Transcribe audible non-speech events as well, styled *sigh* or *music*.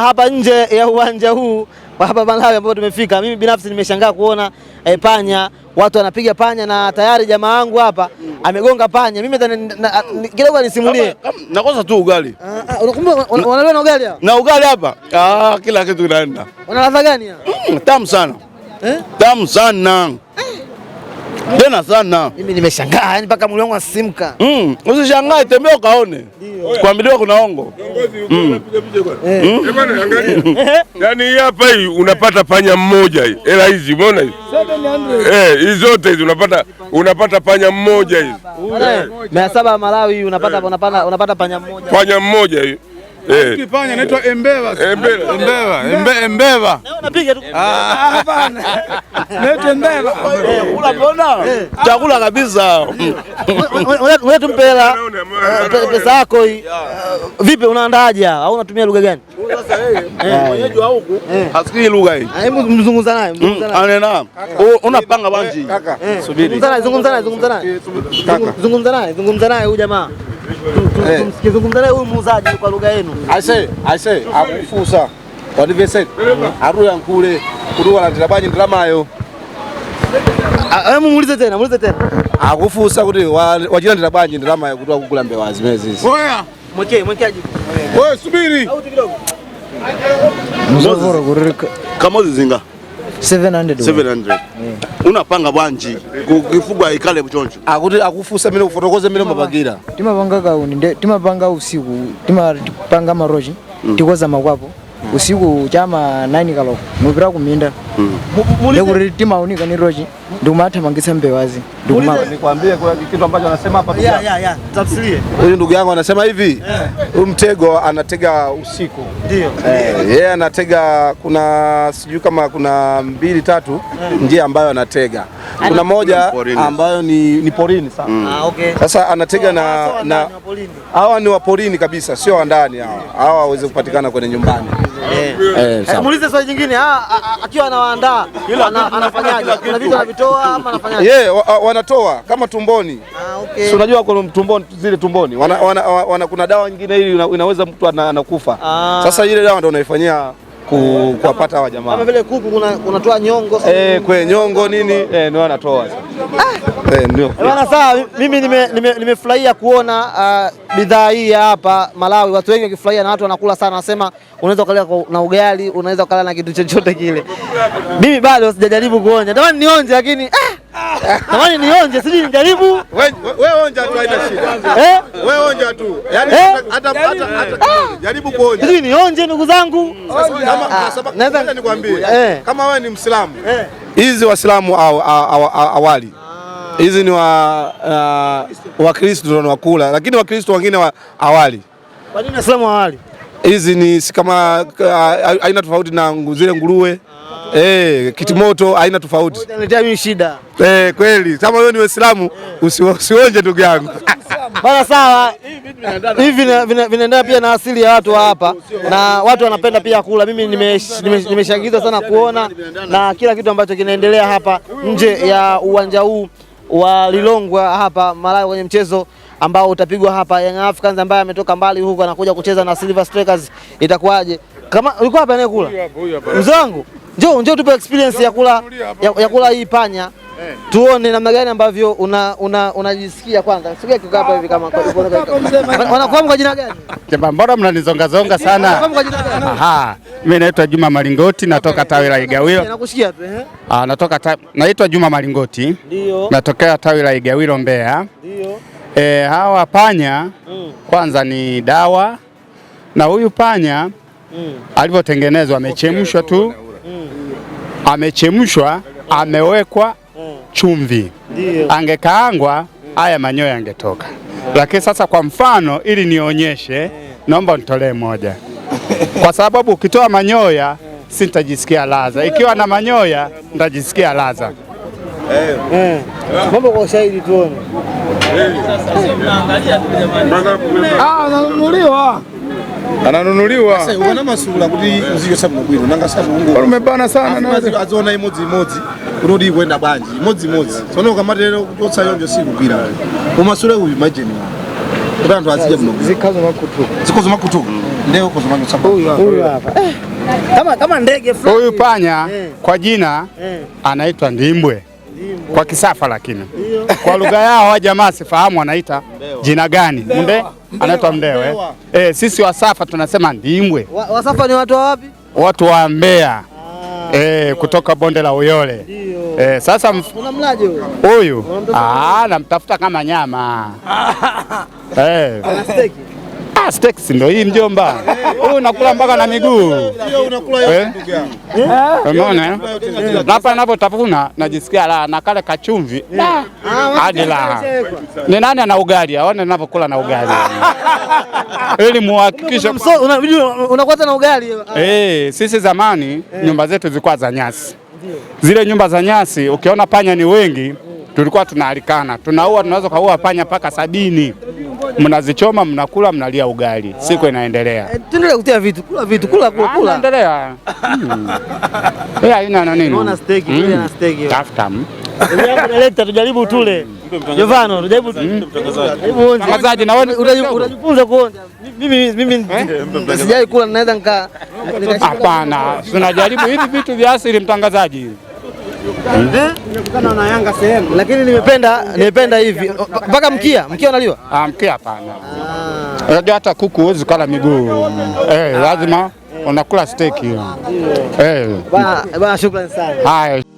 hapa nje ya uwanja huu wa hapa Malawi ambapo tumefika. Mimi binafsi nimeshangaa kuona e, panya watu wanapiga panya na tayari jamaa wangu hapa amegonga panya. Mimi kidogo nisimulie Nakosa tu ugali. Ah, ah, unakumbuka na ugali hapa? Na ugali hapa. Ah, kila kitu kinaenda. Una ladha gani hapa? Mm, tamu sana. Eh? Tamu sana tena sana. Mimi nimeshangaa yani mpaka mwili wangu unasimka. Mm, usishangae, tembea ukaone. Kuambiliwa kuna ongo. Mm. Eh. Eh, *laughs* yaani hapa hii unapata panya mmoja hii. Hela hizi umeona hizi? 700. Eh, hizi zote hizi unapata unapata panya mmoja hizi. Eh, mia saba Malawi unapata unapata unapata panya mmoja. Panya mmoja hii. Eh. Kipanya inaitwa Embewa. Embewa. Embewa. Embewa. Leo napiga tu. Ah, hapana. Naitwa Embewa. Unapona? Eh. Chakula kabisa. Wewe tumpe hela. Pesa yako hii. Vipi unaandaje? Au unatumia lugha gani? Sasa eh. hasikii lugha hii. Ah, hebu mzungumza naye, mm, mzungumza Unapanga wanji. Subiri. Zungumza naye, zungumza naye, zungumza naye. Zungumza naye, zungumza naye huyu jamaa. Hey. Um Msikizungumza huyu muuzaji kwa lugha yenu. Aise, aise, akufusa. Ah, Wadi vese. Aru yankule. Kuruwa na ndirabanyi ndiramayo. Emu ah, ah, muulize tena, muulize tena. Akufusa kuti wajina ndirabanyi ndiramayo kuti wakugula mbewa zimezi. Oya. Mweke, mweke ajibu. Oya, subiri. Au tu kidogo. Mzovoro kuririka. Kamozi zinga. 700 Unapanga banji kukifugwa ikale mchoncho akuti akufusa mino ufotokoze mene mabagira timapanga kauni timapanga usiku timapanga maroji mm. tikoza makwapo Mm. usiku chama 9 kalo mupira kuminda mm. ndekuririti mauni kanirochi ndikumathamangisa mbewazi nikwambie kitu ambacho anasema hapa huyu ndugu yangu anasema hivi huyu mtego anatega usiku ndio eh, yeye anatega kuna sijui kama kuna mbili tatu njia ambayo anatega kuna moja ambayo ni, ni porini sana mm. Ah, okay. Sasa anatega so, na hawa ni porini kabisa, sio wandani hawa hawa waweze kupatikana kwenye nyumbani. Eh, eh Muulize swali jingine, ah, ah, ah, akiwa anawaandaa anafanyaje? Kuna vitu anavitoa ama anafanyaje? Yeye wanatoa kama tumboni. Ah, okay. Si unajua kuna tumboni zile tumboni wana wana, wana, kuna dawa nyingine ili inaweza mtu anakufa. ah. Sasa ile dawa ndio unaifanyia kuwapata hawa jamaa. Kama vile kuku unatoa nyongo. Eh, kwe nyongo nini? Eh, ndio anatoa. Ah. Eh, eh, bana sawa, mimi nimefurahia kuona ah, bidhaa hii ya hapa Malawi, watu wengi wakifurahia na watu wanakula sana. Nasema unaweza ukala na ugali, unaweza ukala na kitu chochote kile. Mimi bado sijajaribu kuonja, tamani nionje, lakini ah! tamani nionje, sijui nijaribu. Wewe onja tu, haina shida. Wewe eh? onja tu, yaani hata jaribu kuonja, sijui nionje. Ndugu zangu, nikwambie, kama wewe ni Mwislamu hizi Waislamu aw, aw, aw, awali ah. hizi ni wa uh, wa wanakula, lakini Wakristo wengine wa awali. Kwa nini Waislamu awali? hizi ni kama uh, aina tofauti na zile nguruwe ah. Eh, kitimoto aina tofauti. Unaletea mimi shida. Eh, kweli. Kama wewe ni Waislamu eh. usionje ndugu yangu. *laughs* Bana sawa, hivi vinaendana pia na asili ya watu hapa, na watu wanapenda pia kula. Mimi nimeshangizwa sana kuona na kila kitu ambacho kinaendelea hapa nje ya uwanja huu wa Lilongwe hapa Malawi kwenye mchezo ambao utapigwa hapa. Young Africans ambaye ametoka mbali huko anakuja kucheza na Silver Strikers, itakuwaje? Kama ulikuwa hapa anayekula mzangu, njoo njoo tupe experience ya kula ya kula hii panya tuone namna gani ambavyo unajisikia. Una, una kwanza sikia kikaa hapa hivi kama wanakuwa kwa jina gani? Kemba, mnanizonga zonga sana. Aha, mimi naitwa Juma Malingoti natoka tawi la Igawilo. Nakusikia tu eh? Ah, natoka naitwa Juma Malingoti. Ndio. Natokea tawi la Igawilo Mbeya. Ndio. Eh, hawa panya mm. kwanza ni dawa na huyu panya mm, alivyotengenezwa amechemshwa tu mm, amechemshwa amewekwa chumvi, angekaangwa haya manyoya angetoka. Lakini sasa kwa mfano, ili nionyeshe, naomba nitolee moja, *laughs* kwa sababu ukitoa manyoya sintajisikia ladha, ikiwa na manyoya ntajisikia ladha. Eh. Eh. Mambo kwa ushahidi tuone. Eh. Ah, ananunuliwa, ananunuliwa umebana sana wenda banji mozi kunoti kuenda bwanji imodzimodzi tsono ukamati lero kuchotsayombyo sikugwira umasule uyu maijeni kuti anthu kama kama ndege makutuka ndeuyu panya eh. kwa jina eh. anaitwa ndimbwe kwa kisafa lakini kwa lugha *laughs* yao wa jamaa sifahamu anaita jina gani? Mnde anaitwa mdewe. Eh, sisi Wasafa tunasema ndimbwe. Wasafa ni watu wa wapi? Watu wa Mbeya eh, kutoka bonde la Uyole eh, sasa mf... unamlaje huyu? Ah, namtafuta kama nyama *laughs* eh. Steaks ndio hii mjomba. huu unakula mpaka na miguu. Eh? Eh? Umeona? Na eh? hapa ninapotafuna najisikia la na kale kachumvi ah, hadi la. Ni nani ana ugali? Aone ninapokula na ugali. *laughs* Ili muhakikishe unakuwa na ugali. Eh, sisi zamani nyumba zetu zilikuwa za nyasi. Zile nyumba za nyasi ukiona panya ni wengi tulikuwa tunaalikana. Tunaua tunaweza kaua panya mpaka sabini mnazichoma, mnakula, mnalia ugali, siku inaendelea. Eh, tuendelee kutia vitu, kula vitu, kula kula ah, kula, endelea hmm. eh, haina hmm. hmm. na nini, unaona steak ile na steak hiyo tafuta leta tujaribu tule Jovano, tujaribu mtangazaji, na wewe unajifunza kuonja. Mimi mimi eh? sijai kula, naweza nika Hapana, tunajaribu hivi vitu vya asili mtangazaji. Nimekutana na Yanga sehemu. Lakini nimependa nimependa hivi mpaka mkia mkia unaliwa? Ah, mkia hapana. Unajua hata kuku huwezi kula miguu. Eh, lazima unakula steki. Eh. Bana, shukrani sana. Haya.